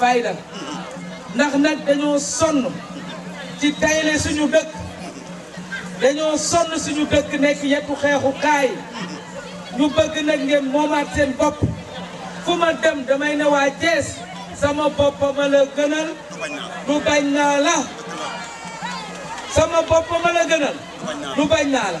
fayda ndax nag dañoo sonn ci tayle suñu dëkk dañoo sonn suñu dëkk nekk yettu xeexu kaay ñu bëgg nag ngeen moomaat seen bopp fu ma dem damay ne waa Thiès sama bopp ma la gënal du bañ naa la sama bopp ma la gënal du bañ naa la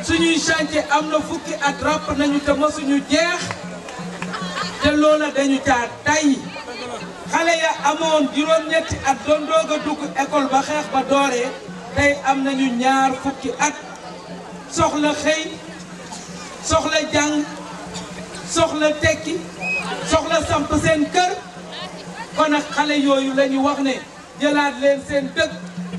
suñuy chantier am na fukki ak ràpp nañu te mësuñu jeex te loola dañu caa tay xale ya amoon juróom-ñetti at doon doog a ba xeex ba dooree tey am nañu ñaar fukki ak soxla xëy soxla jàng soxla tekki soxla samp seen kër kon ak xale yooyu la ñu wax ne jëlaat leen seen dëkk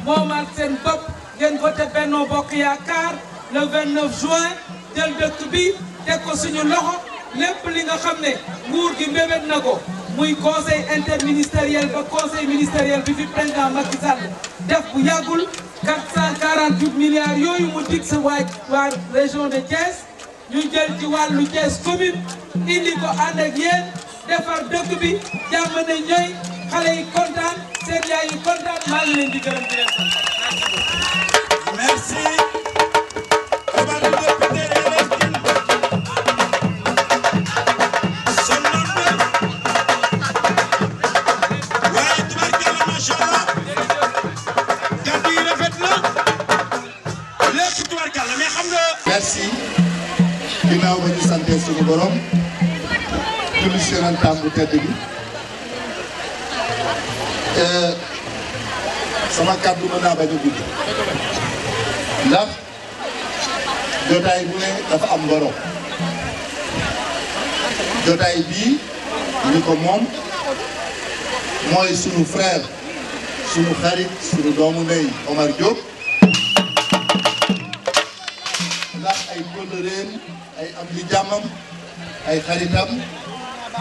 moomaat seen bopp ngeen voté Benno Bokk Yaakaar le 29 juin del dëkk bi teg ko suñu loxo lépp li nga xam ne nguur gi conseil interministériel ba conseil ministériel bi fi président Macky Sall def bu 448 milliards yooyu mu dig sa waaj waa région de Thiès ñu jël ci wàllu Thiès commune indi ko ànd ak yéen defar dëkk bi jàmm ne ñooy xale yi kontaan seen yaay yi ngi leen di di sant merci tedd bi euh, sama kàddu mën naa bañ a ndax jotaay bu ne dafa am ngoro jotaay bii ñu ko moom mooy sunu frère sunu xarit sunu doomu ndey Omar Diop ndax ay góor ay am li jàmmam ay xaritam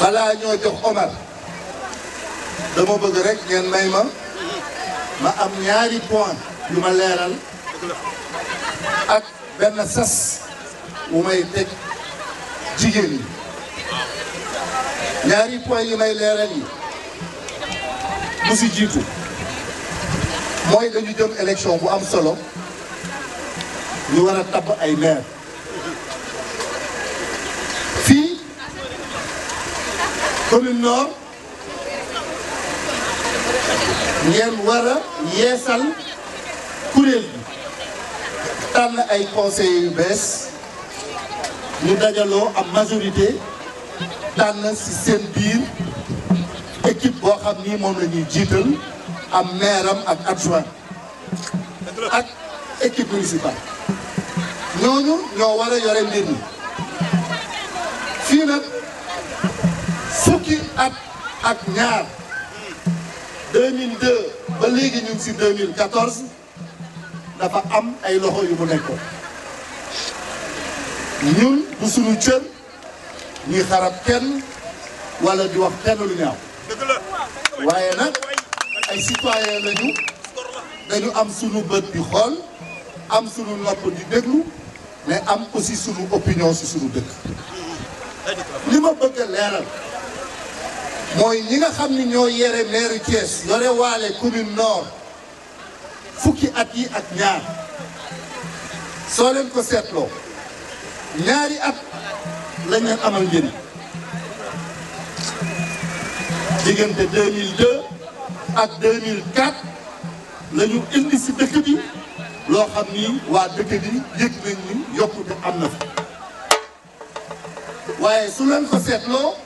balaa ñoo jox Omar dama bëgg rek ngeen may ma ma am ñaari point yu ma leeral ak benn sas wu may teg jigéen yi ñaari point yu may leeral yi bu ci jiitu mooy dañu jëm élection bu am solo ñu war a tabb ay maire commune nord wara war yeesal kuréel bi tànn ay conseillers yu bees ñu dajaloo am majorité tànn ci seen biir équipe boo xam ni moom lañuy ñuy jiital am maire am ak adjoint ak équipe municipale ñooñu ñoo war a yore mbir mi fii nag fukki at ak ñaar 2002 ba légui ñu ci 2014 dafa am ay loxo yu mu nekk ñun bu suñu cër ñi xarab kenn wala di wax kenn lu ñaaw waye nak ay citoyen lañu dañu am suñu bëtt di xol am suñu nopp di déglu mais am aussi suñu opinion ci suñu dëkk lima bëgg a mooy ñi nga xam ni ñoo yere meeru Thiès yore waale commune nord fukki at yi ak ñaar soo leen ko seetloo ñaari at lañ leen amal njëriñ diggante 2002 ak 2004 la ñu indi si dëkk bi loo xam ni waa dëkk bi yëg nañ ni yokkute am na fa waaye su leen ko seetloo.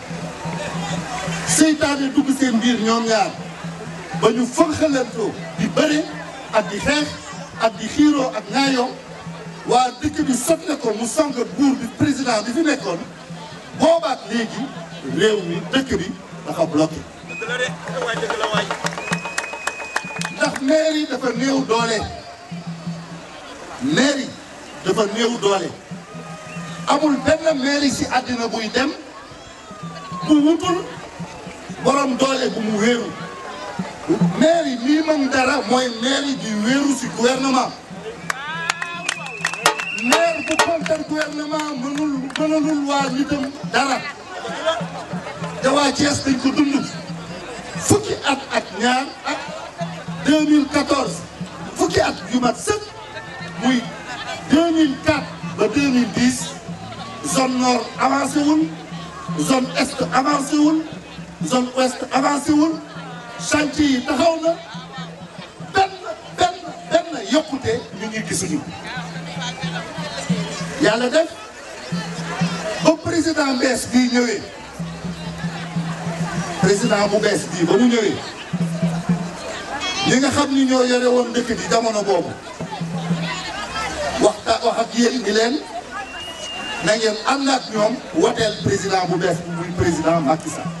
seytaane dugg seen mbir ñoom ñaar ba ñu fënqalantoo di bëre ak di xeex ak di xiiroo ak ñaayoo waa dëkk bi sotle ko mu sonk buur bi président bi fi nekkoon boobaat léegi réew mi dëkk bi dafa bloqué ndax maire yi dafa néew doole maire dafa néew doole amul benn maire ci àddina buy dem bu wutul borom doole bu mu wéeru maire lii mën dara mooy maire yi wéeru ci gouvernement maire bu kontaan gouvernement mënul mënalul waa nitam dara te waa Thiès dañ ko dund fukki at ak ñaar ak fukki at yu mat sëkk muy 2004 ba 2010 zone nord avancé wul zone est avancé zone ouest avancé wul chantier taxawna taxaw ben ben benn benn ñu ngi gisuñu yalla def ba président bees bi ñëwé président bu bees bii ba mu ñi nga xamni ni ñoo yéré woon dëkk bi jamono bobu waxta wax ak yéen di leen na ngeen ànd ñoom woteel président bu bees bi muy président Macky Sall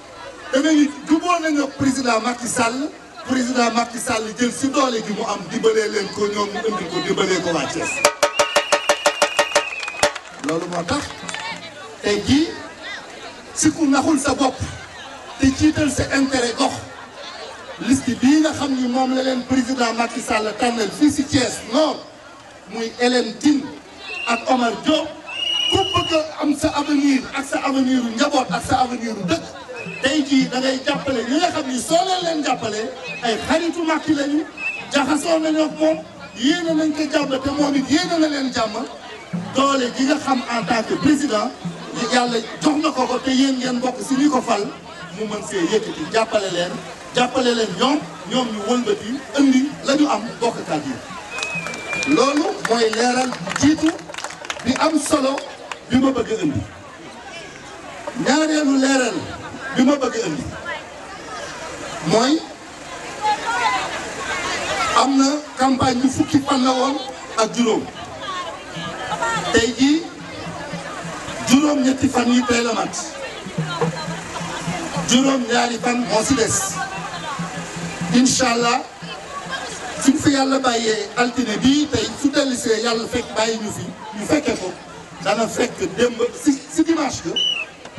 danañu juboo nañu ak président Macky Sall président Macky Sall jël si doole ji mu am dimbalee leen ko ñoom mu indi ko dimbalee ko waa Thiès loolu moo tax tey jii si ku naxul sa bopp te ciital sa intérêt gox liste bii nga xam ni moom la leen président Macky Sall tànnal fii si Thiès Nord muy Hélène Tine ak Omar Diop ku bëgg am sa avenir ak sa avenir u njaboot ak sa avenir dëkk da jàppale ñi nga xam soo leen leen jàppale ay xaritu Macky lañu jaxasoo nañu ak moom yéene nañ ko jàppale te moom it yéene na leen jàmm doole gi nga xam en tant que président yàlla jox na ko ko te yéen ngeen bokk si ñu ko fal mu mën see yëkkati jàppale leen jàppale leen ñoom ñoom ñu wëlbati indi la ñu am bokkkat yi loolu mooy leeral jiitu bi am solo bi ma bëgg a ñaareelu leeral bi ma bëgg indi mooy am na campagne yu fukki fan la woon ak juróom tey jii juróom ñetti fan yi tey la mat juróom ñaari fan moo si des incha allah fi yàlla bàyyee altine bii tey su dellisee yàlla fekk bàyyi ñu fi ñu fekke ko dana fekk démb si si dimanche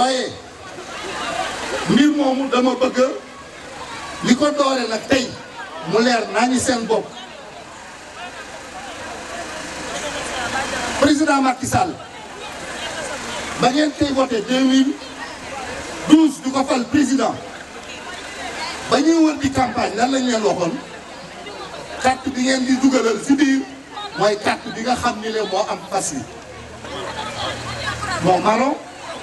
waye mbir momu dama bëgg liko doole nak tay mu leer nañu seen bop président Macky Sall ba ngeen tay voté 2012 duko fal président ba ñi wër di campagne lan lañ leen waxon carte bi ngeen di duggalal ci biir moy carte bi nga xamni le mo am passé bon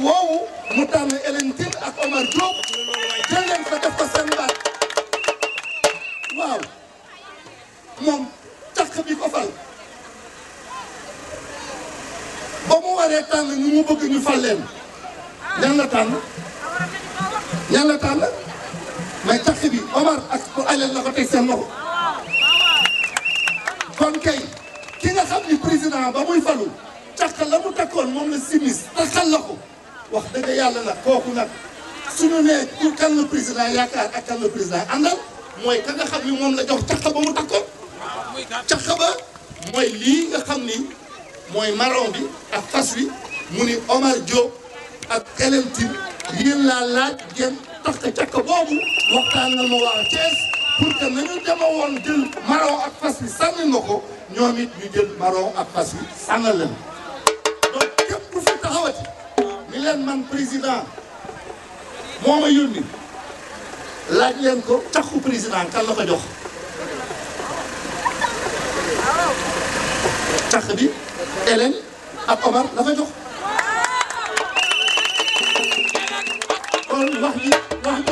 woowu mu tànn Hélène Tine ak Omar Diop jël leen def ko seen baat waaw moom càq bi ko fal ba mu waree tànn ñu mu bëgg ñu fal leen ñan la tànn ñan la bi Omar ak bu aleel la ko teg seen loxo kon kay ki nga xam ni président ba muy falu càq la mu takkoon moom la simis takkal la ko wax dëgg yàlla la kooku nag suñu nee ku kan la président yaakaar ak kan la président mooy ka nga xam ni moom la jox caq mu takk ko caq ba mooy lii nga xam ni mooy maron bi ak fas wi mu ni Omar Diop ak Hélène Tine laa laaj ngeen takk caq boobu waxtaan na ma waa Thiès pour que nañu dema woon jël maron ak fas wi sànni ma ko ñoom it ñu jël maron ak fas wi sànna leen donc képp ku fi taxawati leen man président moo ma yónni laaj leen ko taxu président kan la ko jox tax bi Hélène ak Omar la ko jox kon wax ji wax ji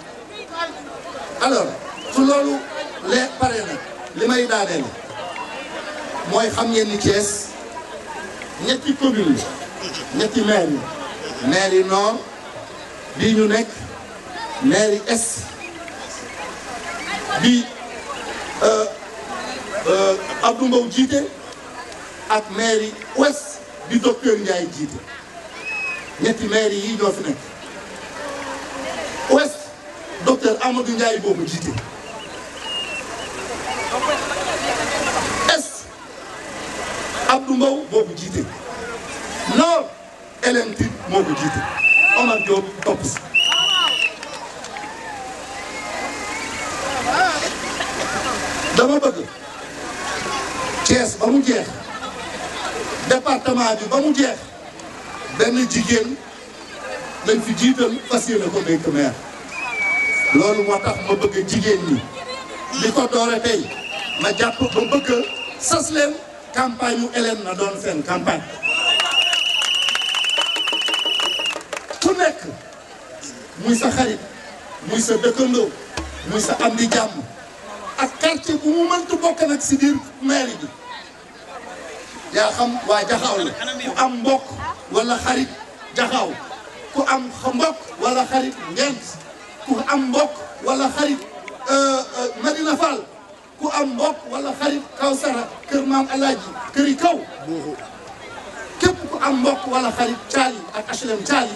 alors su loolu lee pare na li may daaneel mooy xam ngeen ni ñetti commune yi ñetti meer yi maire yi nord bii ñu nekk maire yi est bi euh, euh, Abdou Mbow jiite ak maire yi ouest bi docteur Ndiaye jiite ñetti maire yi ñoo fi nekk docteur Amadou Ndiaye boobu jiite est Abdou boobu jiite nord Hélène moo ko jiite Omar Diop topp dama bëgg Thiès ba mu jeex département bi ba mu jeex benn jigéen lañ fi jiital fas ko béykat maire loolu moo tax ma bëgg jigéen ñi li ko doore tey ma jàpp ba bëgg sas leen campagne mu Hélène na doon seen campagne ku nekk muy sa xarit muy sa dëkkandoo muy sa am di jàmm ak quartier bu mu mëntu bokk nag si biir bi yaa xam waa jaxaw la ku am mbokk wala xarit jaxaw ku am mbokk wala xarit ngent ku am mbokk wala xarit euh, euh, Madina wala xarit Kawsara kër maam Alaaji këri kaw képp ku am mbokk wala xarit Thiali ak HLM Thiali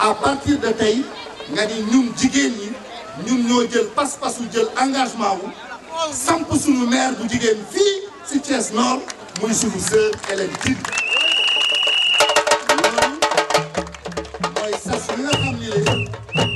à partir tey nga ni ñun jigéen ñi ñun ñoo jël pas-pasu jël engagement wu samp suñu maire bu jigéen fii si Thiès Nord muy suñu sœur Hélène mooy sas li nga xam ni la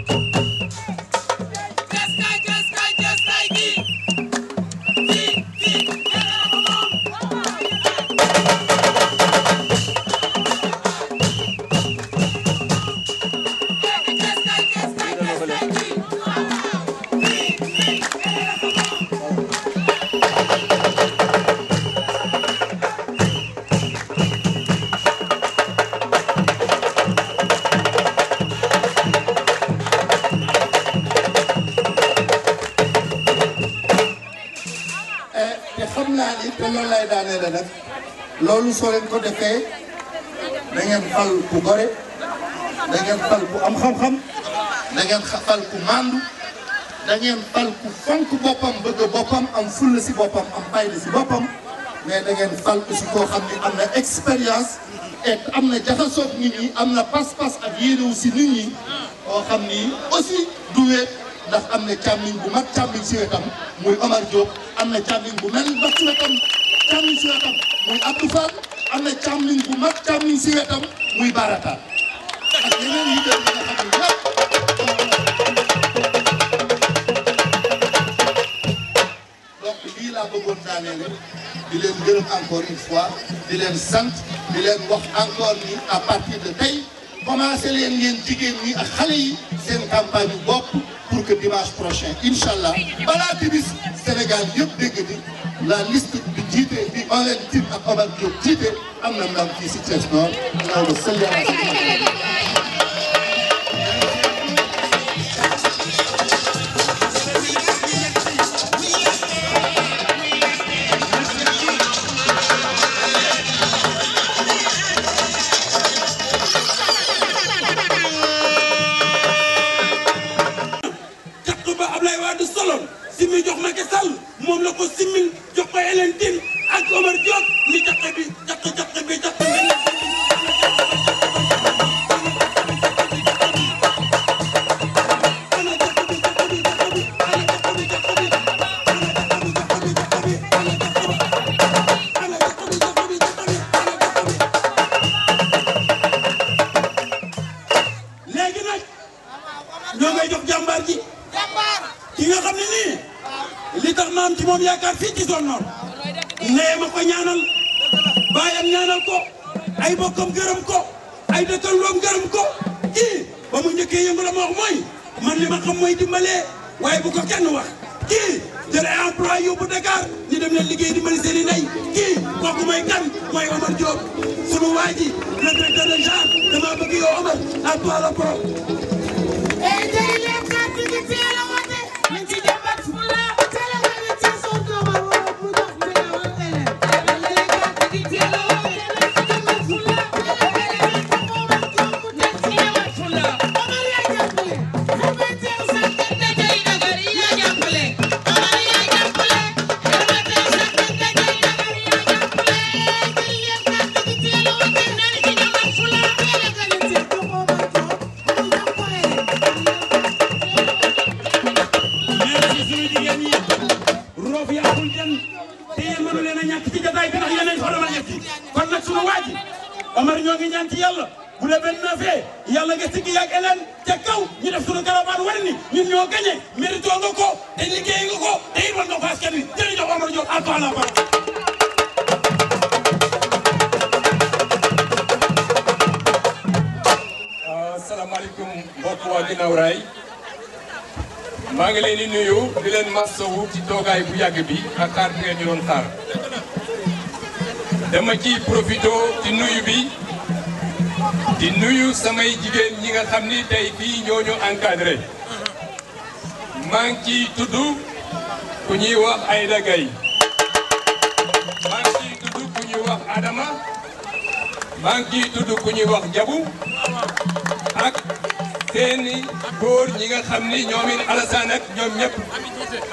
boole loolu soo leen ko defee dangeen ngeen fal bu gore da ngeen fal bu am xam-xam da ngeen fal ku màndu da ngeen fal ku fonk boppam bëgg boppam am fulla si boppam am fayda si boppam mais da ngeen fal aussi koo xam ne am na expérience et am na jaxasoog nit ñi am na pas-pas ak yéenewu si nit ñi koo xam ni aussi du weet ndax am na càmmiñ bu mag càmmiñ si wetam muy Omar Diop am na càmmiñ bu mel ba si wetam càmmiñ si wetam muy Abdou Fall am na càmmiñ bu mag càmmiñ si wetam muy Barata ak yeneen yi dem nga xam ne donc lii laa bëggoon daaneel di leen gërëm encore une fois di leen sant di leen wax encore ni à partir de tey commencé leen ngeen jigéen ñi ak xale yi seen campagne yu bopp pour que dimanche prochain incha allah balaa tibis Sénégal yëpp dégg ni la liste. jiite bi Oleg Tine ak Omar Diop jiite am na ndam fii si Thiès Nord. ndeyam a ko ñaanal baayam ñaanal ko ay bokkam gërëm ko ay dëkkandoom gërëm ko kii ba mu njëkkee yëngu la ma wax mooy man li ma xam waaye bu ko kenn wax kii jël ay yóbbu Dakar ñu dem liggéey dimbali seen i ndey kii kooku mooy kan mooy Omar Diop sunu waa ji le directeur de genre dama bëgg yow Omar xakaar dia ñu doon xaar dama ci profito ci nuyu bi di nuyu samay jigen ñi nga xamni tay fi fii ñoo ñu encadré maa ngi ciy ku ñi wax ay Gaye maa ngi ci tuddu ku ñi wax Adama maa ngi ciy ku ñi wax Jabu ak seeni goor ñi nga xamni ni ñoom Alassane ak ñom ñep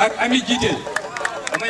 ak Ami Jité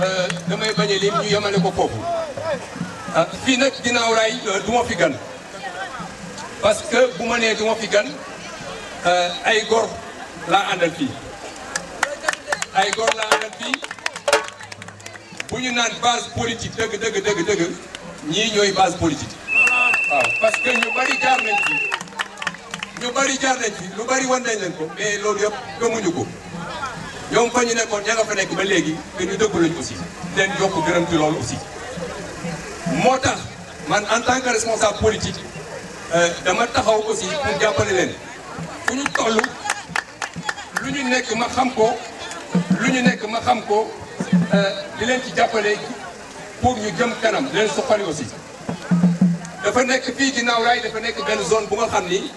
Euh, damay bañ a lim ñu yemale ko foofu ah, fii nag ginnaaw raay euh, du ma fi gan parce que bu ma nee du ma fi gan euh, ay gor laa àndal fii ay gor laa àndal fii bu ñu naan base politique dëgg dëgg dëgg dëgg ñii ñooy base politique waaw parce que ñu bari jaar nañ fi ñu bari jaar nañ fi lu bari wan leen ko mais loolu yëpp gëmuñu ko ñoom fa ñu nekkoon ña nga fa nekk ba léegi te ñu dëggu lañ aussi leen yokk gërëm ci loolu aussi moo tax man en tant que responsable politique euh, dama taxaw aussi pour jàppale leen fu ñu toll lu ñu nekk ma xam ko lu ñu nekk ma xam ko euh, di leen ci jàppale pour ñu jëm kanam di leen suqali aussi dafa nekk fii ginnaaw raay dafa nekk benn zone bu nga xam ni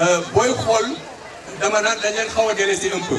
euh, booy xool dama naan dañ leen xaw a délaissé un peu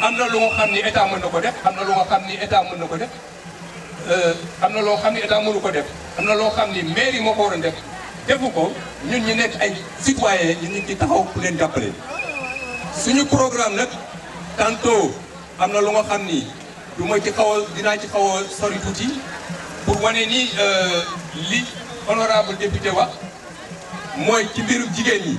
am na lu nga xam ni état mën na ko def am na lu nga xam ni état mën na ko def euh, am na loo xam ni état mënu ko def am na loo xam ni mairie moo ko waroon def defu ko ñun ñu nekk ay citoyens ñu nit ci taxaw ku leen jàppale. suñu programme nag tantôt am na lu nga xam ni du ma ci xaw a dinaa ci xaw a sori ci pour wane ni euh, li honorable député wax mooy ci mbirum jigéen ñi.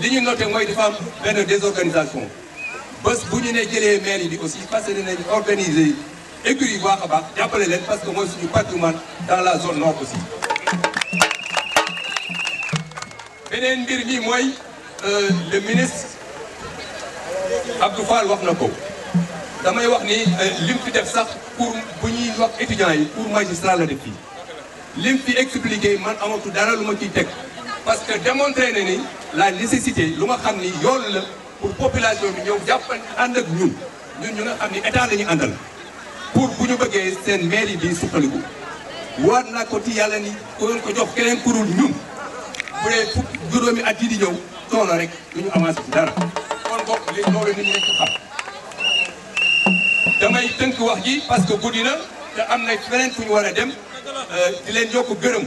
liñu noté moy dafa am benn désorganisation bëss bu ñu ne jëlee maire yi bi aussi parce né dinañ organiser écurie yi baax baax jappalé leen parce que moy suñu patrimoine dans la zone nord aussi. beneen mbir mi mooy euh, le ministre Abdou Fall wax nako damay wax ni euh, lim fi def sax pour bu ñuy wax étudiants yi pour magistrat la def fi lim fi expliquer man amatu dara lu ma ciy parce que démontré na ni la nécessité lu nga xam ni yoon la pour population bi ñëw jàppal ànd ak ñun ñun ñu nga xam ni état la ñu àndal pour bu ñu bëggee seen mairie bi suqaliku war na ko ci yàlla ni ku ko jox keneen kurul ñun bu dee fukk juróomi at yi di ñëw tool rek lu ñu avancé ci dara kon bokk li loolu nit ñi ko xam damay tënk wax ji parce que guddi na te am na feneen fu ñu war a dem euh, di leen yokk gërëm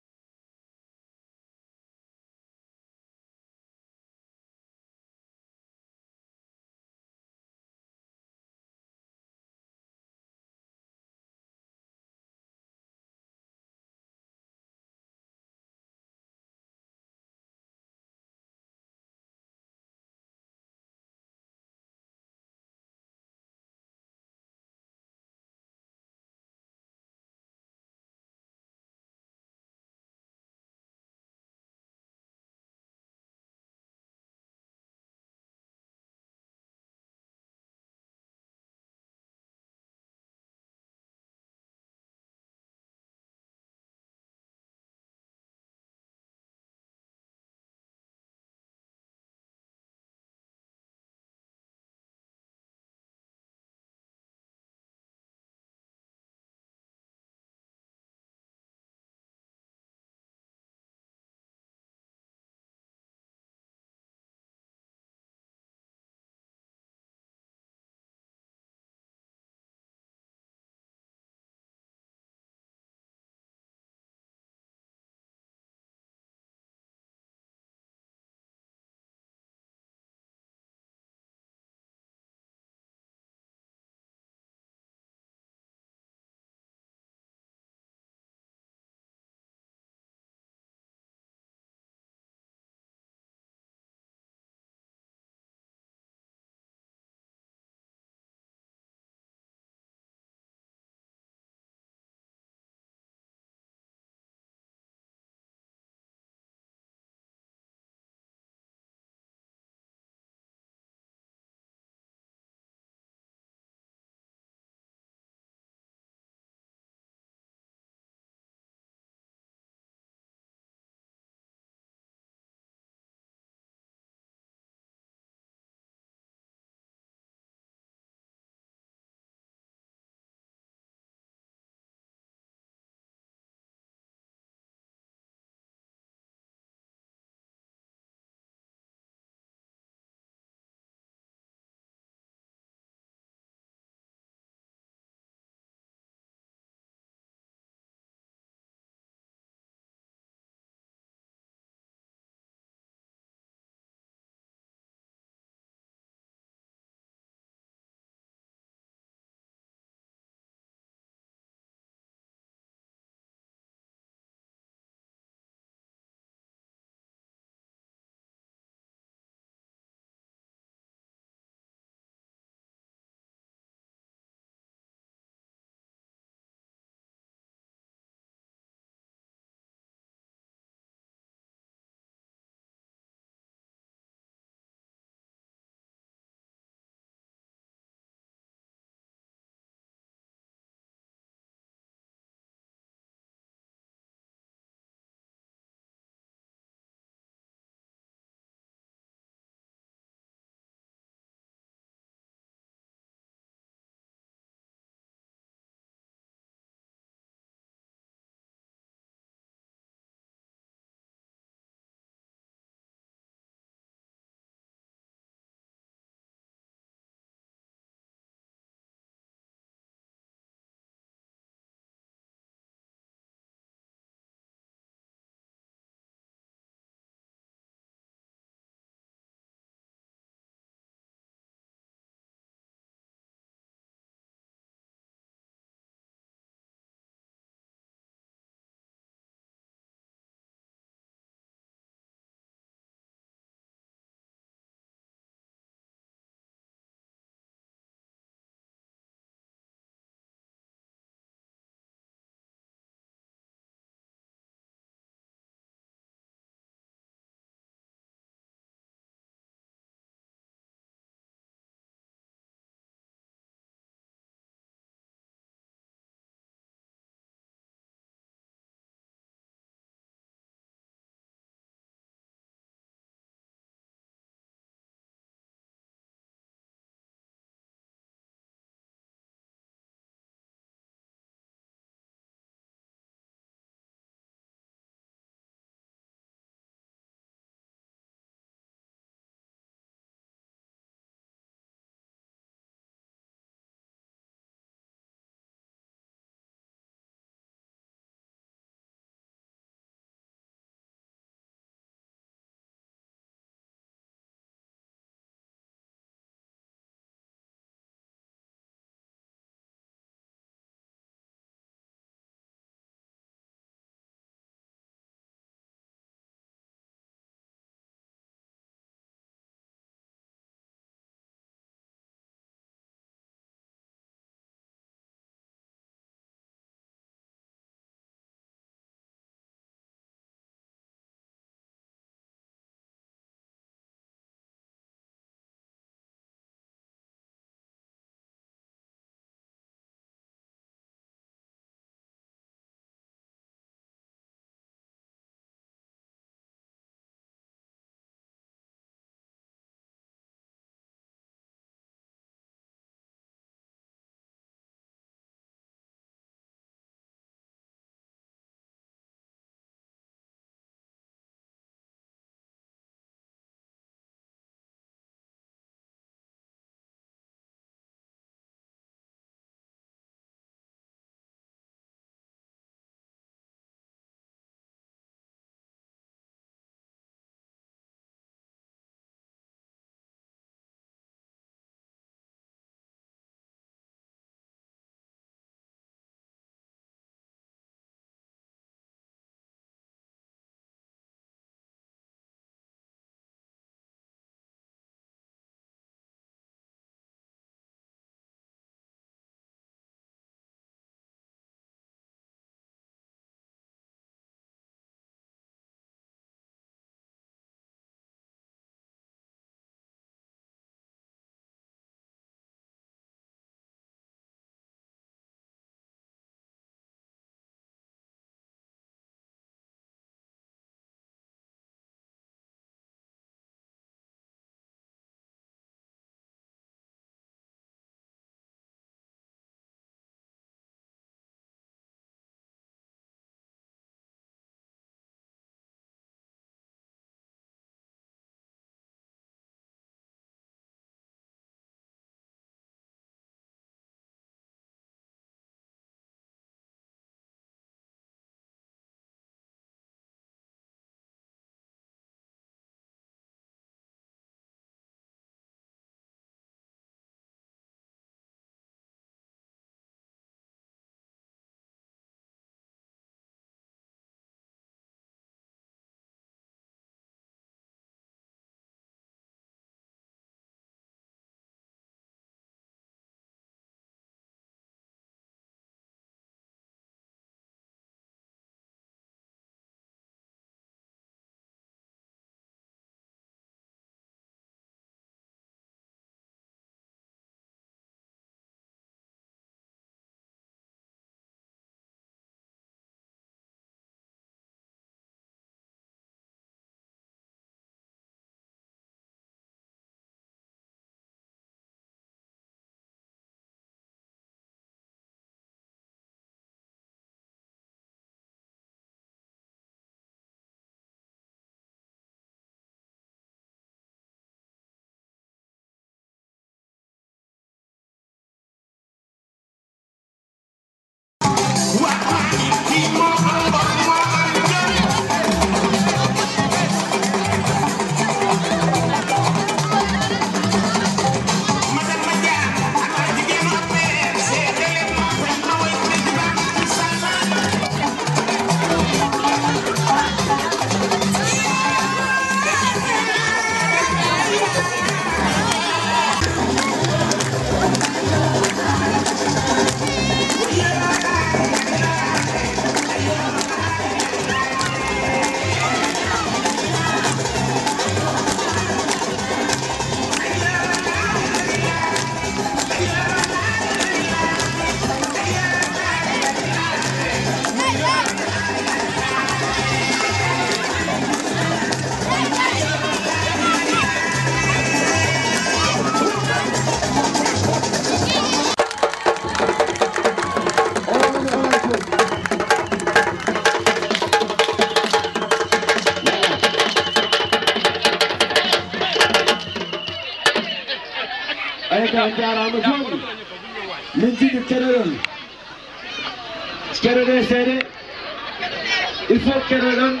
Kerala,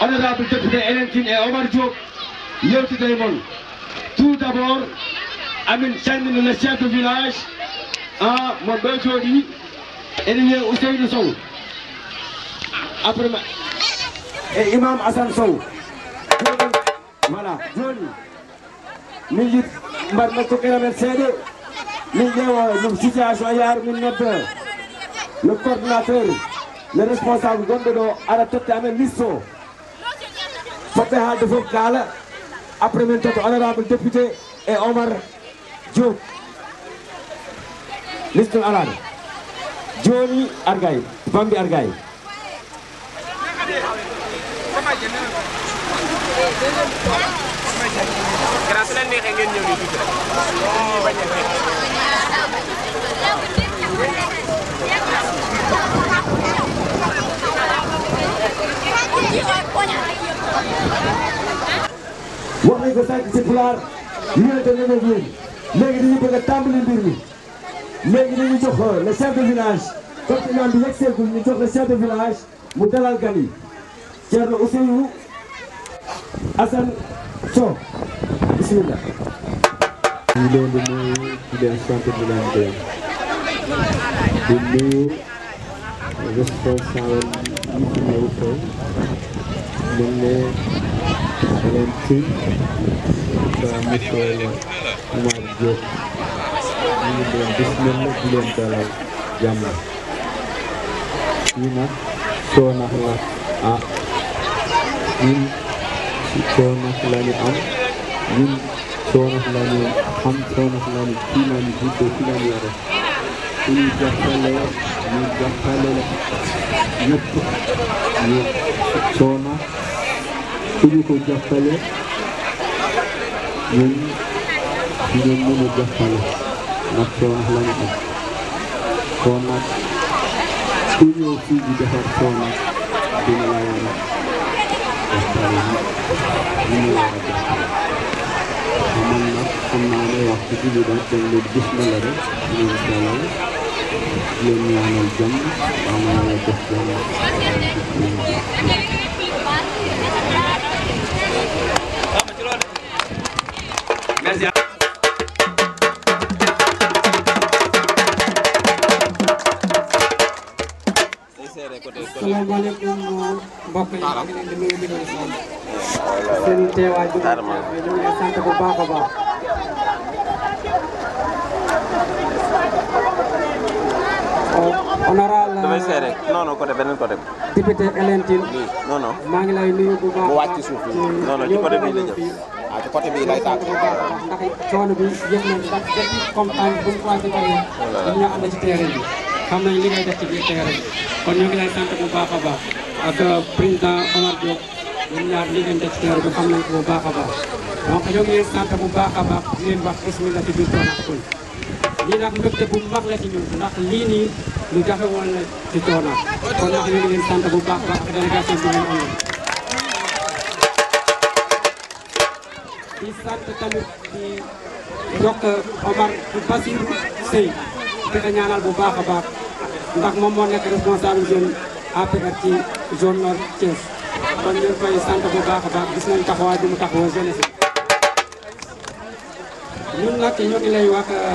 Honorable Deputy Elentin et Omar Diop, Yoti Daimon. Tout d'abord, Amin Sandin, le chef de village, à mon bel joli, et il est au sein de son. Après, et Imam Hassan Sow. Voilà, joli. Mingi mbarna ko kéramel sédé mingi wa ñu ci situation yaar min nepp le coordinateur le responsable gonɗo ɗo ara totte amen liste o fotɓe haalde fof kaala après min toto honorable député et omar diop liste ɗum alaano joni argayi bambi argayi Gracias. wax nañ ko sànq ci pulaar yéen itam ne moom léegi dañuy bëgg a tàmbali mbir mi léegi dañuy jox euh, le chef de village comme imam bi yegg seegul ñu jox le chef de mu dalal gan yi Thierno Ousseynou Assane Sow bismillah. ñu ngi leen di nuyu di leen sant di leen gërëm di nuyu responsable yi fi Delle Valentine Monsieur Oumar Diop ñu ngi leen bismillah di leen dalal jàmm ñi nag soo nax la ah ñun soo nax la ñu am ñun soo nax la ñu xam soo nax la ñu fii la ñu juddoo fii la ñu yore ku ñu jàppale ñu jàppale la ñëpp ñu soo nax ku ñu ko jàppale ñun ñu mën a jàppale ndax Sonac lañu am Sonac ku ñëw fii di defar Sonac dina la war a war a jàppale man nag xam naa ne wax ci biir dañ koy ñu ngi dalal leen ñaanal jàmm mbokk yi maa ngi leen di nuyu bu baax a baax. Euh, honorable euh, damay seet rek non non beneen côté bi. maa ngi lay nuyu bu baax bu wàcc suuf bi non non ci côté bii la jëm ah ci côté bii lay tàgg. ndax coono bi yëg nañ ndax depuis comme temps bu ñu wàcc tawee. ci terrain bi xam nañ li ngay def ci biir terrain bi kon ñu ngi lay sant bu baax a baax. Ada perintah Omar Diop ñun ñaar liggéeyante ci teer bi xam nañ ko bu baax a baax donc ñoo ngi leen sant bu baax a baax di leen wax bismillah ci biir Tonax Pël lii nag mbégte bu mag la ci ñun di sant Omar Basirou Seye di ko ñaanal bu baax a baax ndax moom journal Thiès kon ñu ngi koy bu baax a baax gis nañ taxawaay bi mu tax jeunesse ñun a ñoo ngi lay wax euh,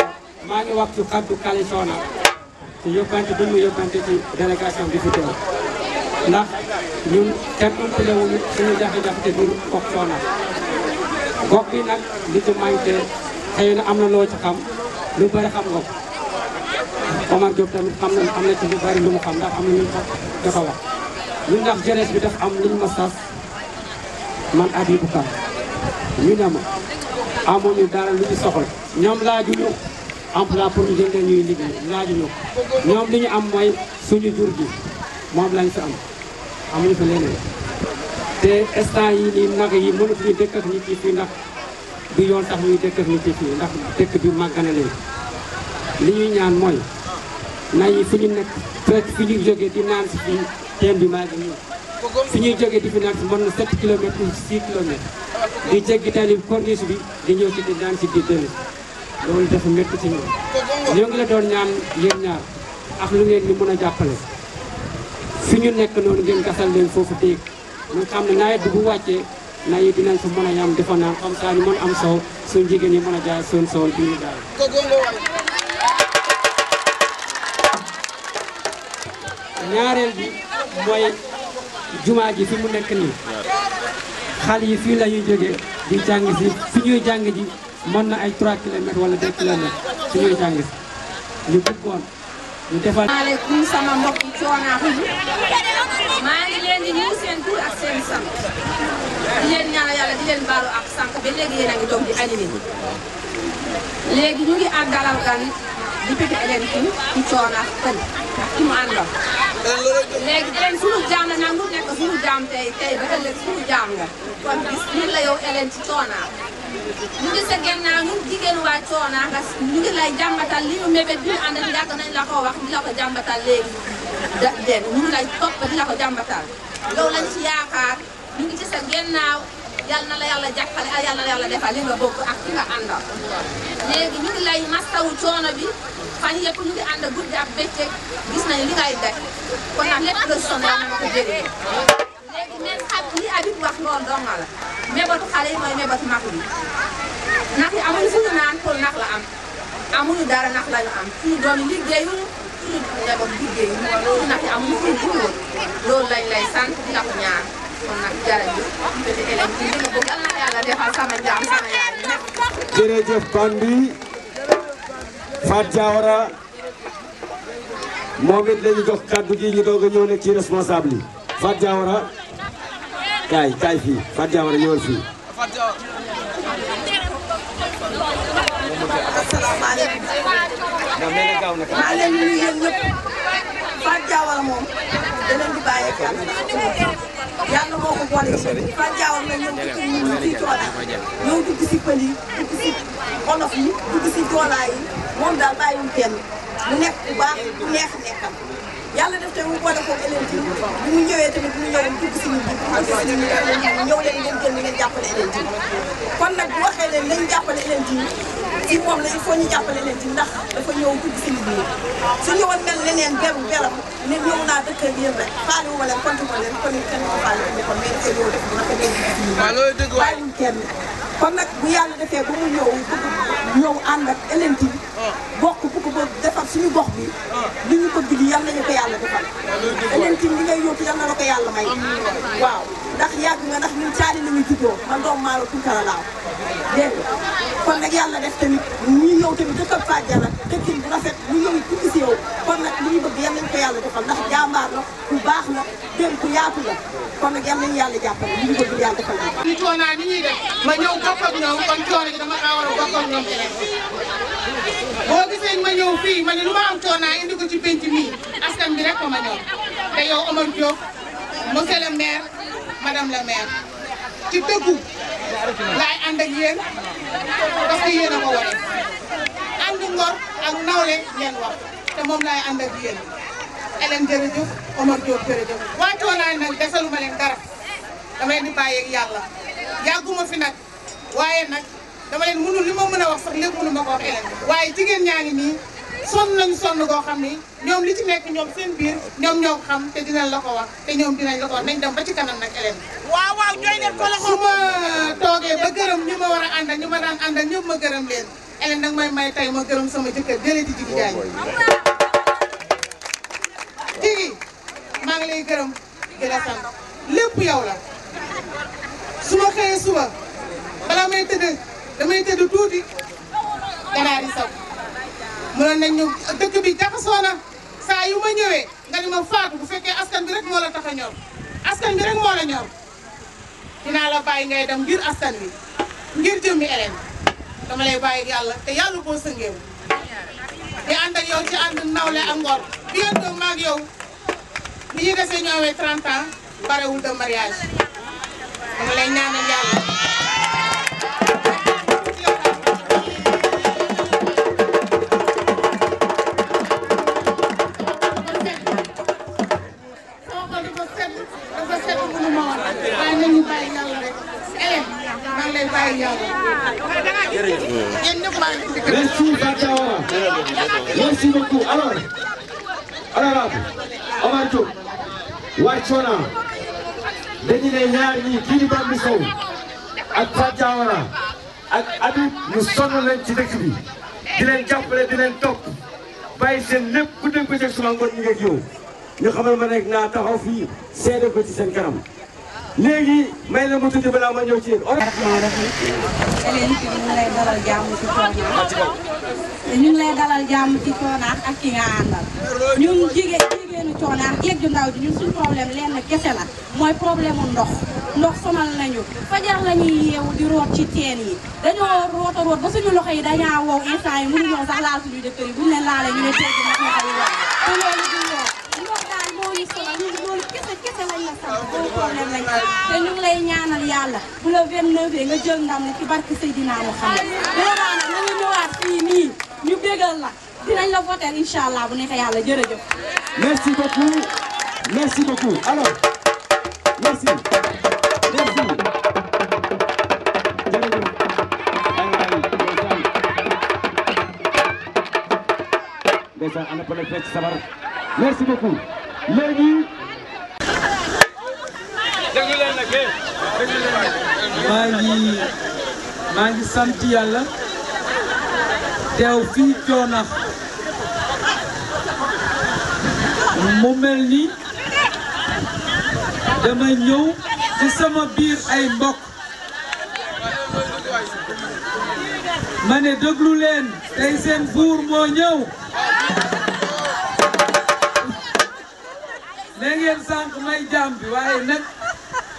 maa ngi wax ci kaddu Kale Sona ci yóbbante bi mu yóbbante délégation bi fi teew ndax ñun kenn umpale wuñu suñu jafe-jafe te duñ gox Sona gox bi nag li ci manqué xëy na am na loo ci xam lu bëri xam nga ko Omar Diop tamit xam na am na ci lu bëri lu mu xam ndax am na ñu ko dafa wax ñu ndax jeunesse bi daf am luñ ma sas man Habibou Kane ñu ne ma amuñu dara lu ñu soxla ñoom laajuñu emploi pour ñu jëndee ñuy liggéey laajuñu ñoom li am mooy suñu jur gi moom lañ fi am amuñu fa leneen te instant yi nii nag yi mënatuñu dëkk ak nit yi fii ndax du yoon tax ñuy dëkk ak nit yi fii ndax dëkk bi màgg leen li ñuy ñaan mooy nañu fi ñu nekk fi ñu jógee di naan si fii teen bi su ñuy jógee di fi nag mën na 7 kilomètres ou 6 bi di ñëw ci di di dellu loolu dafa métti ci ñoom ñoo ngi la doon ñaan yéen lu ngeen ñu mën a jàppale fi ñu nekk noonu ngeen leen foofu déeg ñu xam ne bi bu wàccee na yi dinañ fa mën a yam defa naan comme ça ñu am sow suñ jigéen mën a jaay seen sow bi ñu ñaareel bi moy juma ji fi mu nek ni xale yi fii la ñuy jógee di jang ci fi ñuy jàng ji mon na ay 3 km wala 2 km fi ñuy jàng si ñu bëggoon ñu defal. alaykum sama mbokk yi coonaaxu yi ma ngi leen di ñu seen tour ak seen sant di leen ñaanal yalla di leen baalu ak sank ba legi yeena ngi tok di animé legi ñu ngi ak gan député Hélène Tine ci coonaaf Pël ndax ki mu àndoon. léegi Hélène sunu jaam la nekk sunu jaam tey tey ba ëllëg sunu jaam kon gis nit la yow Hélène ci coonaaf. ñu ngi sa gannaaw ñun jigéen waa coonaaf nga ñu ngi lay jàmbatal li ñu mébét ñu àndal yàgg nañ la ko wax di la ko jàmbatal léegi. da den ñu ngi lay topp di la ko jàmbatal. loolu lañ ci yaakaar ñu ngi sa gannaaw. yal na la yàlla jàppale ak yal na la yàlla defal li nga bokk ak ki nga àndal léegi ñu lay mastawu coono bi fan yëpp ñu ngi ànd guddi ak bëccëg gis nañu li ngay def kon nag lépp nga sonn yal na léegi même xam li Habib wax loolu dong la mébatu xale yi mooy mébatu mag yi nag yi amuñu suñu naan pour nag la am amuñu dara nag lañu am suñu doom yi liggéeyul suñu njaboot liggéeyul loolu nag yi amuñu suñu loolu lañ lay sant di la ñaan kon nag jërëjëf te Hélène kii li ma bëgg am na defal sama jaam sama yaay nekk. jërëjëf Bandi Fatou Diawara moom it lañu jox kaddu gi ñu doog a ñëw nekk ci responsable yi Fatou Diawara kaay kaay fii Fatou Diawara ñëwal fii. asalaamaaleykum maa leen di nuyu yéen ñëpp Fatou moom danañ di bàyyi kàddu yàlla moo ko boole Ibrahima Diawar nag ñoom dëkk yi ñu si coolaa ñoom dugg si pël yi dugg si olof yi dugg si joolaa yi moom daal bàyyiwul kenn mu nekk baax bu neex a nekkal yàlla def tamit mu boole ko Elelti bu mu ñëwee tamit bu mu ñëw dugg si nit ñi dugg si nit ñi ñëw leen ngeen jël ngeen jàppale Elelti kon nag bu waxee leen nañ jàppale Elelti kii moom la il faut ñu jàppale leen ci ndax dafa ñëw dugg si nit ñi su ñëwoon mel ne leen naa dëkk ak yéen rek faale wu ma leen kontu ma leen kon kenn ko faale ko kon nag bu yàlla defee ba mu yow bëgg ñëw ànd ak elenti oh. bokk bëgg ba defar suñu gox bi oh. li ñu bëgg di yàlla nañu ko yàlla defal elenti li ngay yóotu yàlla na la ko yàlla may waaw ndax yàgg nga ndax ñun caali la ñu juddoo man doom maa la Tunkara laaw dégg kon nag yàlla def tamit ñu ñëw tamit dëkkal Fat Diarra dëkkin bu rafet ñu ñëw it dugg si yow kon nag li ñu bëgg yal nañu ko yàlla defal ndax jàmbaar la ku baax la dégg ku yaatu la kon nag yal nañu yàlla jàppale li ñu bëgg yàlla defal la. ñu coonaa ni ñuy def ma ñëw bokk ak ñoom kon coono gi dama kaa war a bokk ak ñoom boo gisee ma ñëw fii ma ne lu ma am coonaa indi ko ci penc mii askan bi rek ko ma ñëw te yow Omar Diop monsieur le maire madame la maire ci dëggu laay ànd ak yéen parce que yéen a ko wane ànd ngor ak nawle ngeen wax te moom laay ànd ak yéen Hélène jërëjëf Omar Diop jërëjëf waa Coonaan nag desaluma leen dara dama leen di bàyyi ak yàlla yàgguma fi nag waaye nag dama leen mënul li ma mën a wax sax lépp mënu ma ko wax Hélène jigéen ñaa sonn nañ sonn koo xam ni ñoom li ci nekk ñoom seen biir ñoom ñoo xam te dinañ la ko wax te ñoom dinañ la ko wax nañ dem ba ci kanam nag Hélène. waaw waaw ñooy def ko la ko. su ma toogee ba gërëm ñu ma war ak ñu daan ànd ak ñëpp ma gërëm leen Hélène nag may may tay ma gërëm sama jëkkër jëlee ci jigi jaay jigi maa ngi lay gërëm di la sant lépp yow la su ma xëyee suba balaa may tëdd damay tëdd tuuti ganaar yi saw mënoon nañ ñu dëkk bi jaxasoo na saa yu ma ñëwee nga ni ma faatu bu fekkee askan bi rek moo la tax a askan bi rek moo la ñor dinaa la bàyyi ngay dem ngir askan bi ngir jëmmi Hélène dama lay bàyyi yàlla te yàlla boo sëngeewu di ànd ak ci ànd nawle ak ngor bientôt maag yow bi ñu desee ñoowee 30 ans barewul de mariage dama lay ñaanal yàlla national dañu ne ñaar ñii kii di Bambi Sow ak Fatou Diawara ak Habib ñu sonn leen ci dëkk bi di leen jàppale di leen topp bàyyi seen lépp ku dégg ko suma ngoon ñu ngeeg yow ñu xamal ma nekk naa taxaw fii seede ko ci seen kanam léegi may la mu tudd balaa ma ñëw ci yéen. Hélène ñu ngi lay dalal jàmm ci coonaat ñu ngi lay dalal jàmm ci coonaat ak ki nga àndal ñun jigéen coonaan jeeg ju ndaw ji ñun suñu problème lenn kese la mooy problème ndox ndox sonal nañu fajar la yeewu di root ci teen yi dañoo roota root ba suñu loxo yi dañaa wow instant yi mënuñoo sax laal suñu dëkk yi buñ leen ñu ne tey jii te ñun lay ñaanal yàlla bu la 29 nga jël ndam ne ci barke Seydina Muhammad loolu daal nag ñu ñëwaat fii nii ñu bégal la dinañ la voter incha allah bu maa ngi maa ngi yàlla teew fii coonax mu mel ni damay ñëw ci sama biir ay mbokk ma ne déglu leen tey seen buur moo ñëw ne ngeen sànq may jaam bi waaye nag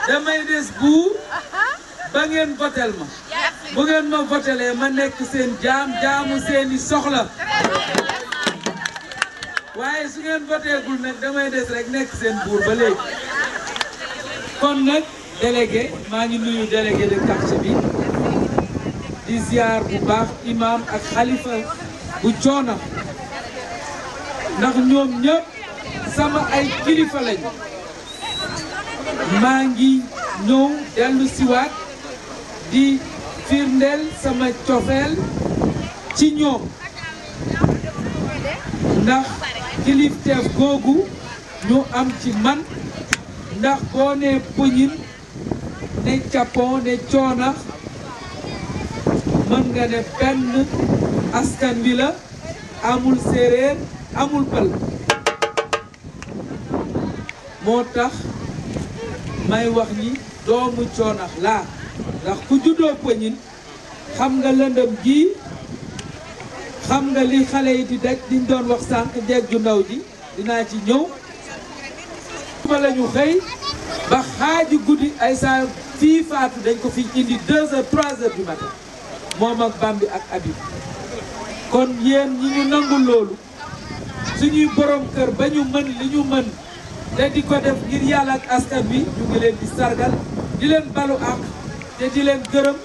damay des buur ba ngeen votel ma bu ngeen ma votelee ma nekk seen jaam jaamu seeni soxla waaye su ngeen voteegul nag damay des rek nekk seen buur ba léegi kon nag délégué maa ngi nuyu délégué de quartier bi di ziar bu baax imam ak xalifa bu coona ndax ñoom ñëpp sama ay kilifa lañ maa ngi ñëw dellu di firndeel sama cofeel ci ñoom ndax kilifteef googu ñu am ci man ndax boo ne pëñin ne capon ne coonax mën nga ne benn askan wi la amul séeréer amul pël moo tax may wax ni doomu coonax la ndax ku juddoo pëñin xam nga lëndëm gi xam nga li xalé yi di dekk di doon wax sank dekk ju ndaw ji dina ci ñew ma lañu xey ba xaaji guddi ay sa fi faatu dañ ko fi indi 2 h 3 h du matin mom ak bambi ak abib kon yeen ñi ñu nangul lolu suñuy borom kër bañu mën li ñu mën te di ko def ngir yalla ak askan bi ñu ngi leen di sargal di leen balu ak te di leen gërëm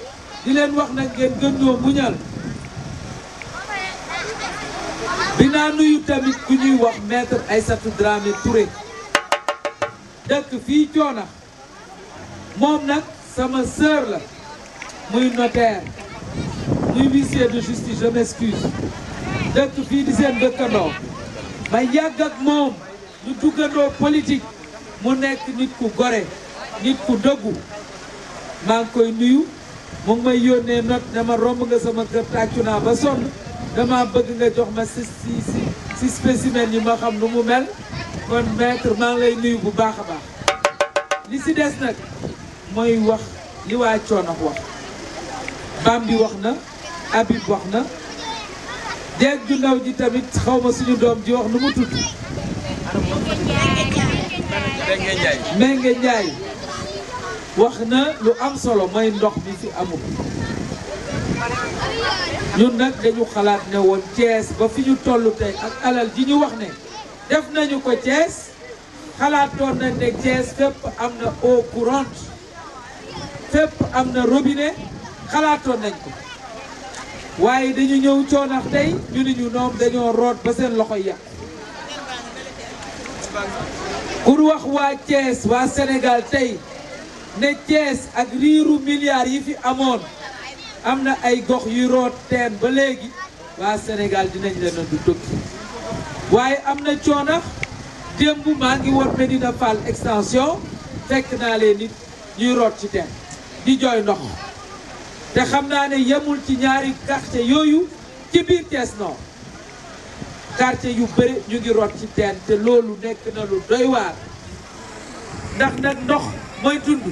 di leen wax nak ngeen gën muñal dinaa nuyu tamit ku ñuy wax maître Aïssatou Dramé Touré dëkk fii Coonax moom nag sama sœur la muy notaire muy huissier de justice je m'excuse dëkk fii di seen dëkkandoo ma yàgg ak moom ñu duggandoo politique mu nekk nit ku gore nit ku dëggu maa ngi koy nuyu mu ngi may yónnee note dama romb nga sama kër tàccu naa ba sonn dama bëgg nga jox ma si si si si spécimen yi ma xam nu mu mel kon maître maa ngi lay nuyu bu baax a baax li si des nag mooy wax li waa coono wax bam bi wax na abib wax na jeeg ju ndaw ji tamit xaw ma suñu doom ji wax nu mu tudd Mbengue Ndiaye wax na lu am solo mooy ndox bi fi amul ñun nag dañu xalaat ne woon Thiès ba fi ñu toll tey ak alal ji ñu wax ne def nañu ko Thiès xalaatoon nañ ne Thiès fépp am na eau courante fépp am na robine xalaatoon nañ ko waaye dañu ñëw coonax tey ñu ni ñu noom dañoo root ba seen loxo yàq pour wax waa Thiès waa Sénégal tey ne Thiès ak riiru milliards yi fi amoon am na ay gox yu root teen ba léegi waa Sénégal dinañ leen a du tukki waaye am na coonax démb maa ngi woon Medina Fall extension fekk naa leen nit ñuy root ci teen di jooy ndox te xam naa ne yemul ci ñaari quartier yooyu ci biir Thiès Nord quartier yu bëri ñu ngi root ci teen te loolu nekk na lu doy waar ndax nag ndox mooy dund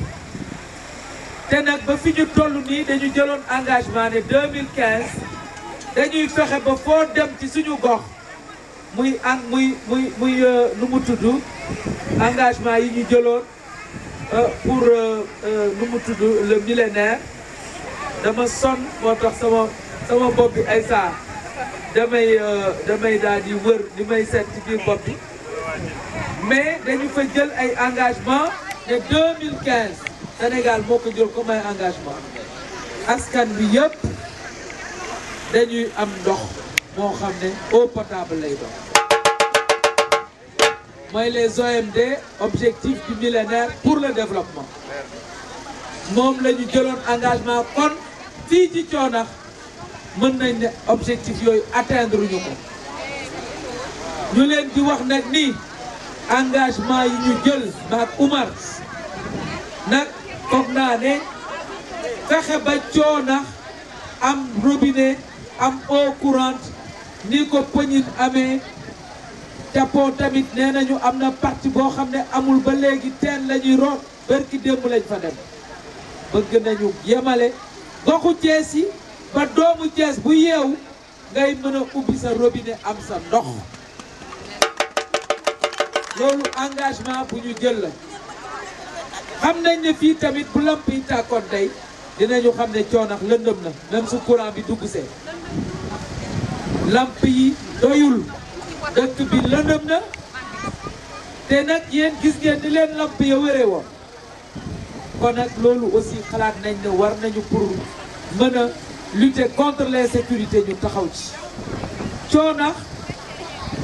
te nag ba fi ñu toll nii dañu jëloon engagement ne 2015 dañuy fexe ba foo dem ci suñu gox muy en muy muy muy euh, nu mu tudd engagement yi ñu jëloon euh, pour euh, nu mu tudd le millénaire dama sonn moo tax sama sama bopp bi ay saa damay damay daal di wër li may ci biir bopp bi mais dañu fa jël ay engagement de 2015. Sénégal moo ko jël comme ay engagement askan bi yëpp dañuy am ndox moo xam ne eau potable lay doon mooy les OMD objectifs du millénaire pour le développement moom la ñu jëloon engagement kon fii ci coonax mën nañ ne objectif yooyu atteindre ñu ko ñu leen di wax nag ni engagement yi ñu jël maak Umar nag foog naa ne am robinet am eau courante ni ko amé tapo tamit pour amna parti bo xamné amul ba la Nous dembu lañ fa dem bëgg nañu yemalé ba doomu bu ngay robinet am sa ndox engagement pour nous jël la xam nañ ne fii tamit bu lamp yi tàkkoon tey dinañu xam ne coonax lëndëm na même su bi dugg see làmp yi doyul dëkk bi lëndëm na te nag yéen gis ngeen ni leen lamp ya wëree woon kon nag loolu aussi xalaat nañ ne war nañu pour mën a lutter contre l'insécurité ñu taxaw ci coonax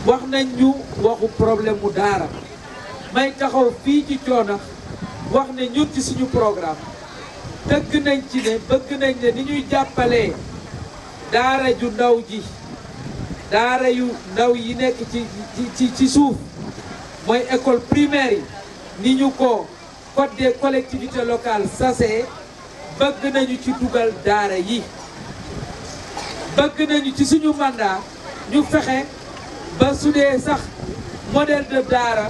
wax nañ ñu waxu problème mu daara may taxaw fii ci coonax wax ne ñun ci programme dëgg nañ ci ne bëgg nañ ne ni ñuy jàppalee daara école primaire ko des collectivités locales sase bëgg nañu ci dugal daara yi bëgg nañu ci suñu mandat ñu ba modèle de daara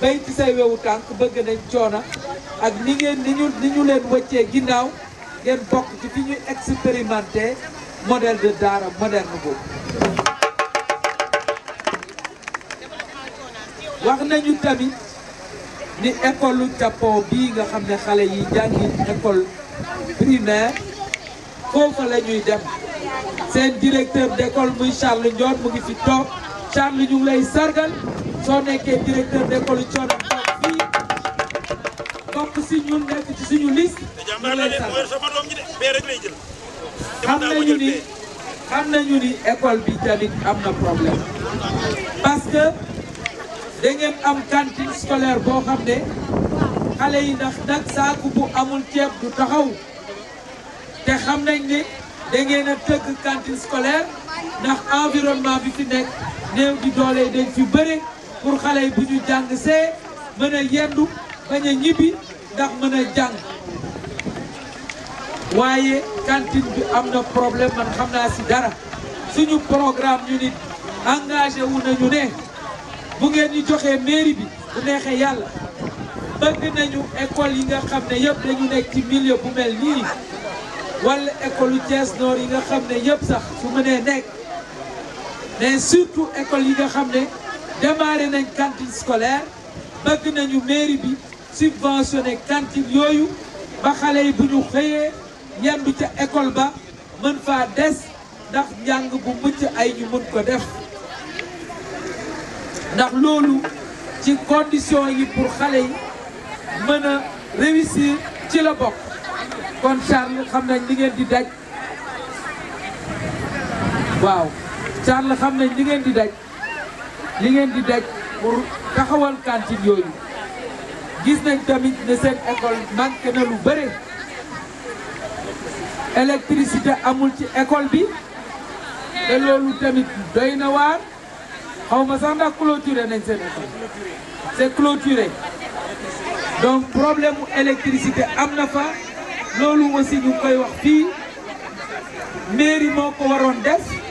bay ci say wewu tànk bëgg nañ coona ak ni ngeen ni ñu ni leen wëccee ginnaaw ngeen bokk ci fi ñu expérimenté modèle de daara moderne boobu wax nañu tamit ni école lu bi nga xam ne xale yi jàngi école primaire foofa la ñuy dem seen directeur d'école muy Charles Ndione mu ngi fi toog Charles ñu lay sargal soo nekkee directeur d'école coono toog fii bokk si ñun nekk ci suñu liste. ñu ngi xam nañu ni xam bi tamit am na problème parce que da ngeen am cantine scolaire boo xam ne xale yi ndax nag saaku bu amul ceeb du taxaw te xam nañ ne da ngeen a tëkk cantine scolaire ndax environnement bi fi nekk néew di doole dañ fi bëre. pour xale bu ñu jàng see mën a a ñibbi ndax mën a jàng waaye cantine bi am na problème man xam si dara suñu programme ñu nit engagé wu nañu ne bu ngeen ñu joxee mairie bi bu neexee yàlla bëgg nañu école yi nga xam ne yëpp dañu nekk ci milieu bu mel nii wala école yu Thiès Nord yi nga xam yëpp sax su mënee nekk mais surtout école yi nga xam ne démarré nañ cantine scolaire bëgg nañu mairie bi subventionné cantine yooyu ba xale yi bu ñu xëyee yendu ca école ba mën faa des ndax njàng bu mucc ay ñu mën ko def ndax loolu ci condition yi pour xale yi mën a réussir ci la bokk kon Charles xam nañ li ngeen di daj waaw Charles xam nañ li ngeen di daj li ngeen di daj pour taxawal cantine yooyu gis nañ tamit ne seen école manqué na lu bëri électricité amul ci école bi te loolu tamit doy na waar xaw nga sax ndax clôturé nañ seen école c'est clôturé donc problème mu am na fa loolu aussi koy wax fii mairie moo ko waroon des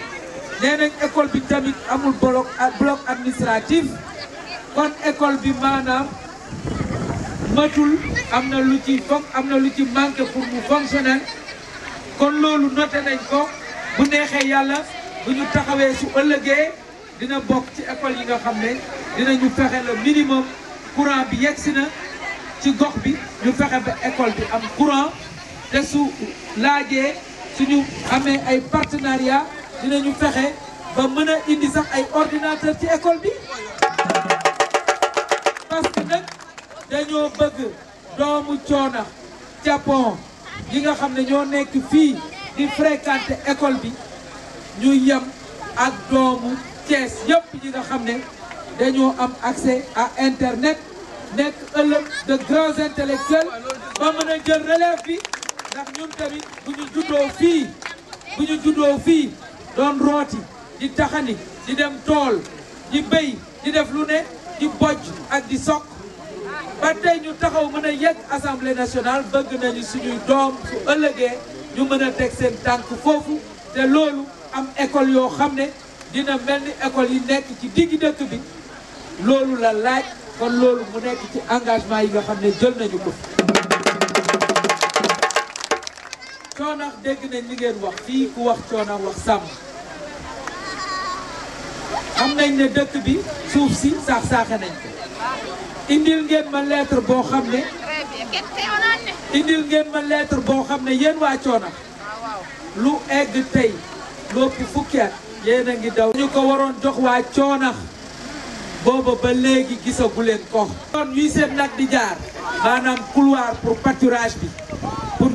nee école bi tamit amul bloc ah, bloc administratif kon école bi manam matul amna lu ci foog amna lu ci manqué pour mu fonctionner kon lolu noté nañ ko bu nexé yalla bu ñu taxawee su ëllëgee dina bok ci école yi nga xamné dinañu fexé le minimum courant bi yexina ci gox bi ñu fexé ba école bi am courant dessu su suñu amé ay partenariat ñu fexé ba mëna indi sax ay ordinateur ci école bi parce que nag dañoo bëgg doomu coonax japon yi nga xamné ne ñoo nekk fi di fréquenter école bi ñu yam ak doomu Thiès yëpp yi nga xamné dañoo am accès à internet nekk ëllëg de grands intellectuels ba mëna jël relève bi ndax ñun tamit bu ñu juddoo fii bu ñu juddoo fii doon rooti di taxani di dem tool di béy di def lu ne di bojj ak di sokk ba tey ñu taxaw mën a yegg assemblée nationale bëgg nañu suñuy doom su ëllëgee ñu mën a teg seen tànk foofu te loolu am école yoo xam ne dina mel ni école yi nekk ci digg dëkk bi loolu la laaj kon loolu mu nekk ci engagement yi nga xam ne jël nañu ko. coonax dégg nañ li ngeen wax fii ku wax coonax wax sàmm xam nañ ne dëkk bi suuf si saax-saaxe nañ ko indil ngeen ma lettre boo xam ne indil yéen waa coonax lu egg tey loppi fukki at yéen a ngi daw ñu ko waroon jox waa coonax booba ba léegi gisagu leen ko kon wii seen nag di jaar maanaam couloir pour pâturage bi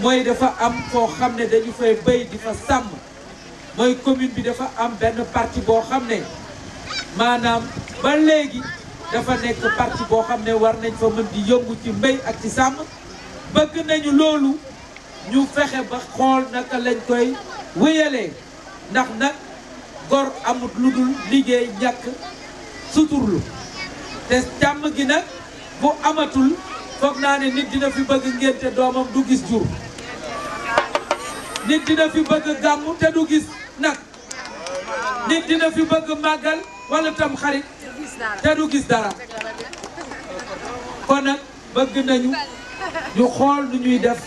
mooy dafa am koo xam ne dañu fay béy di fa sàmm mooy commune bi dafa am benn parti boo xam ne maanaam ba léegi dafa nekk parti boo xam ne war nañ fa mën di yëngu ci mbéy ak ci sàmm bëgg nañu loolu ñu fexe ba xool naka lañ koy wéyalee ndax nag gor amut lu dul liggéey ñàkk suturlu te càmm gi nag bu amatul foog naa ne nit dina fi bëgg ngénte doomam du gis jur nit dina fi bëgg gàmmu te du gis nak nit dina fi bëgg magal wala tam xarit te du gis dara kon nag bëgg nañu ñu xol nu ñuy def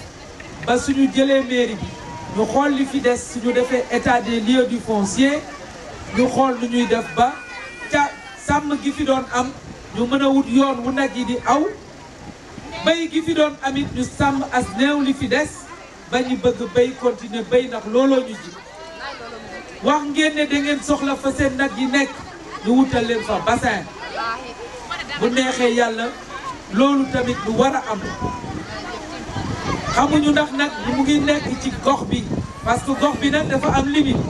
ba suñu jëlé mairie bi ñu xol li fi dess suñu defee état des lieux du foncier ñu xol nu ñuy def ba ca Sam gi fi doon am ñu mëna wut yoon wu nag yi di aw bay gi fi doon amit ñu sam as néew li fi dess ba ñu bëgg bay continuer bay ndax looloo ñu ji wax ngeen ne da ngeen soxla fa seen nag yi nekk ñu wutal leen fa bassin bu neexee yàlla loolu tamit bu war a am xamuñu ndax nag mu ngi nekk ci gox bi parce que gox bi nag dafa am limite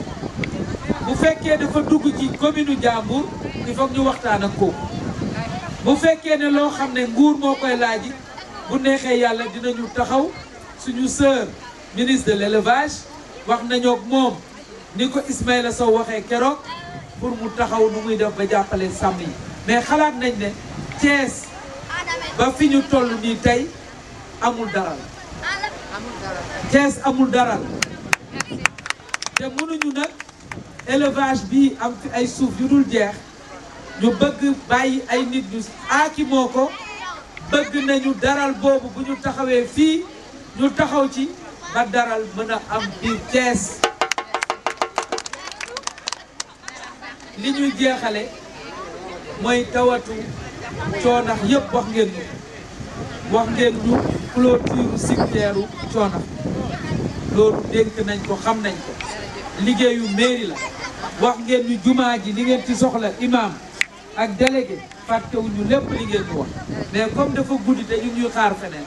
bu fekkee dafa dugg ci commune Ndiambour il faut ñu waxtaan ak ko bu fekkee ne loo xam ne nguur moo koy laaji bu neexee yàlla dinañu taxaw suñu sœur ministre de l'élevage wax nañu ak mom ni ko Ismaïla saw waxe kéro pour mu taxaw nu muy def ba jàppale sàmm yi mais xalaat nañ ne Thiès ba fiñu toll ni tay amul dara la Thiès amul dara té te ñu nak élevage bi am fi ay souf yu dul jeex ñu bëgg bàyyi ay nit ñu aaki moko bëgg nañu daral bobu bu ñu taxawé fi ñu taxaw ci ba daral mën a am biir Thiès li ñuy jeexale mooy tawatu coonax yëpp wax ngeen ñu wax ngeen ñu clôture cimetière u coonax loolu dénk nañ ko xam nañ ko liggéeyu mairie la wax ngeen ñu jumaa ji li ngeen ci soxla imam ak délégué fàttewuñu lépp li ngeen ñu wax mais comme dafa guddi te ñu ñuy xaar feneen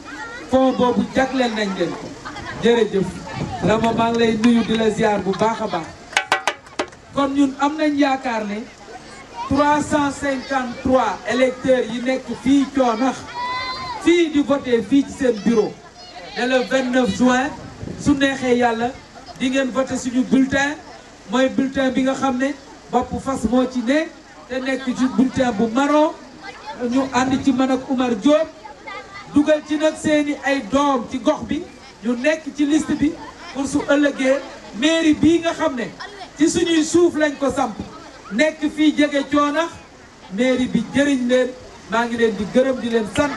fond Bobu jagleel nañ leen ko jeuf Rama maa lay nuyu dila ziar bu baax ba kon ñun am nañ yaakar ne 353 électeurs yi nekk fi coonax fi di voter fi ci sen bureau dès le 29 juin su nexé yalla di ngeen voté suñu bulletin moy bulletin bi nga xamné ne fas mo ci né té nekk ci bulletin bu maro ñu and ci man ak Oumar Diop. dugal ci nag seeni ay doom ci gox bi ñu nekk ci list bi pour su ëllëgee mairie bii nga xam ne ci suñuy suuf lañ ko samp nekk fii jege coonax mairie bi jëriñ leen maa ngi leen di gërëm di leen sant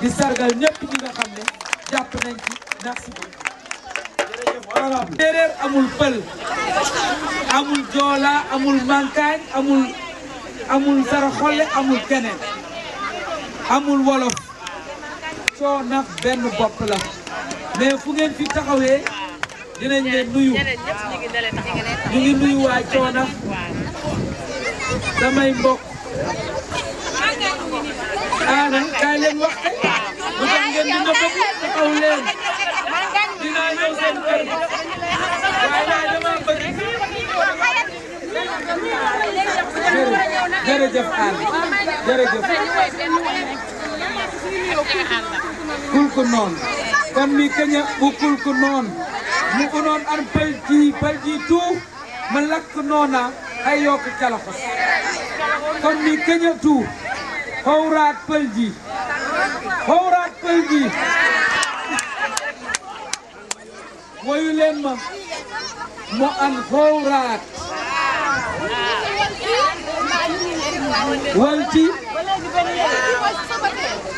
di sargal ñëpp ñi nga xam ne jàpp nañ ci merci beaucoup. amul pël amul joola amul mankaañ amul amul saraxole amul keneen amul wolof. Sonac benn bopp la mais fu fi taxawee dinañ leen nuyu ñu ngi nuyu waa Sonac samay mbokk ana kaay wax lu tax ngeen di nëbb taxaw leen dinaa ñëw kul ko noon kammi kaña ɓo kul ko noon tu ko noon an balji balji tout mi lakko noona hay yo mo an howrat wanti.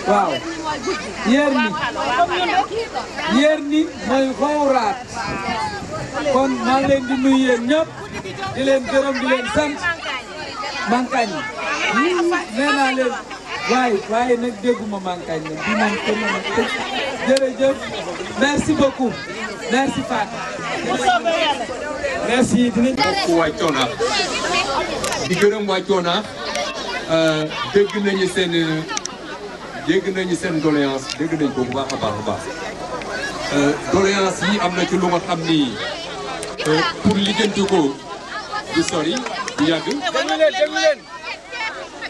waaw yéer ni yéer ni mooy xowraat kon maa leen di nuyu yéen ñëpp di leen gërëm di leen sant mankañ yi nee naa leen waaye waaye nag dégguma mankañ la di moom te moom te jërëjëf merci beaucoup merci Fatou merci dinañ bokk waa Coonaax di gërëm waa Euh, dégg nañu seen dégg nañu seen doléance dégg nañ ko bu baax a baax a baax euh, doléance yi am na ci lu nga xam ni euh, pour lijjanti ko du sori du yàgg. leen déglu leen.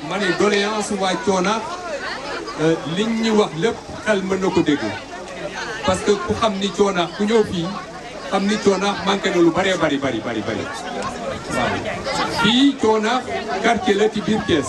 ma ne doléance waa Coona liñ ñu wax lépp xel mën na ko dégg parce que ku xam ni Coona ku ñëw fii xam ni Coona manqué na lu bëree bari bari bari bari waaw fii Coona quartier la ci biir Thiès.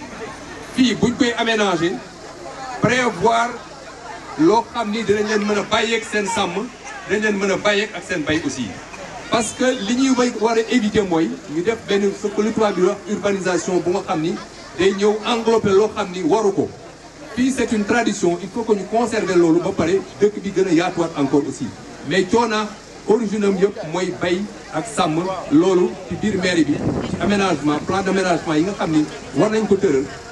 fii buñ koy aménager prévoir loo xam ni dinañ leen mën a bàyyeeg seen sàmm dinañ leen mën a ak seen bay aussi. parce que li ñuy may éviter mooy ñu def benn ce que bi urbanisation bu nga xam ni day ñëw englobé loo xam waru ko fii c'est une tradition il faut que ñu conserver loolu ba pare dëkk bi gën a yaatuwaat encore aussi mais coonaa origine am yëpp mooy bay ak sam lolu ci bir mairie bi aménagement plan d'aménagement yi nga xamni war nañ ko tëral.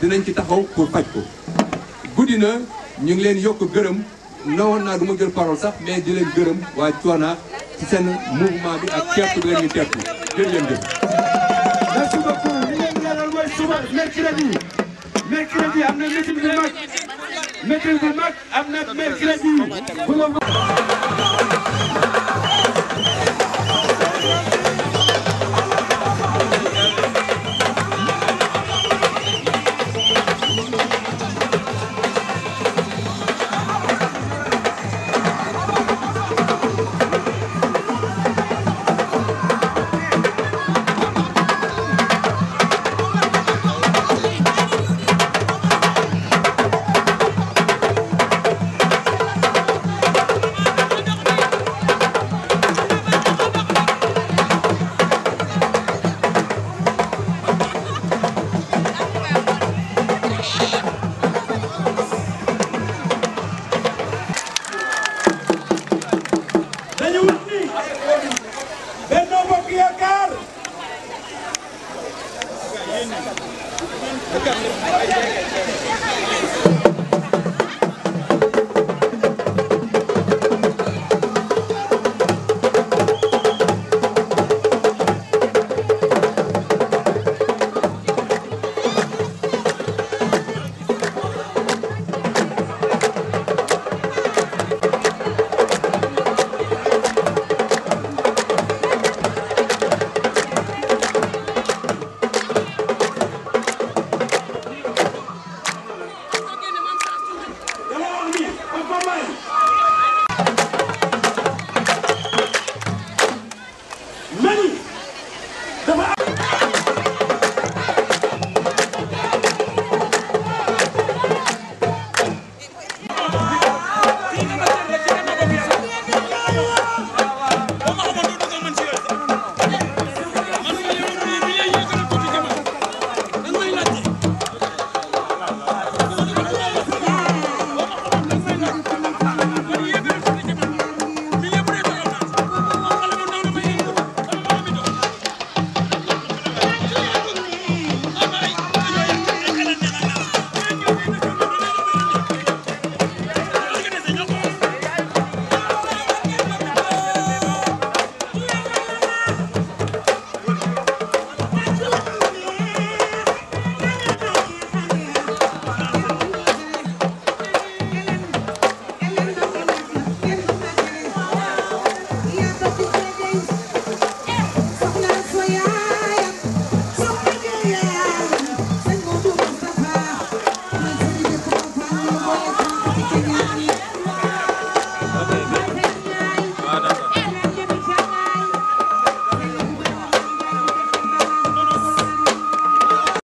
dinañ ci taxaw pour faj ko guddi na ñu ngi leen yokk gërëm nawoon naa duma ma jël parole sax mais di leen gërëm waa Tivaouane ci seen mouvement bi ak teertu bi leen ñu teertu jërë ngeen jëf merci beaucoup li ngeen ñaanal mooy suba mercredi am na meeting bu mag meeting bu mag am na mercredi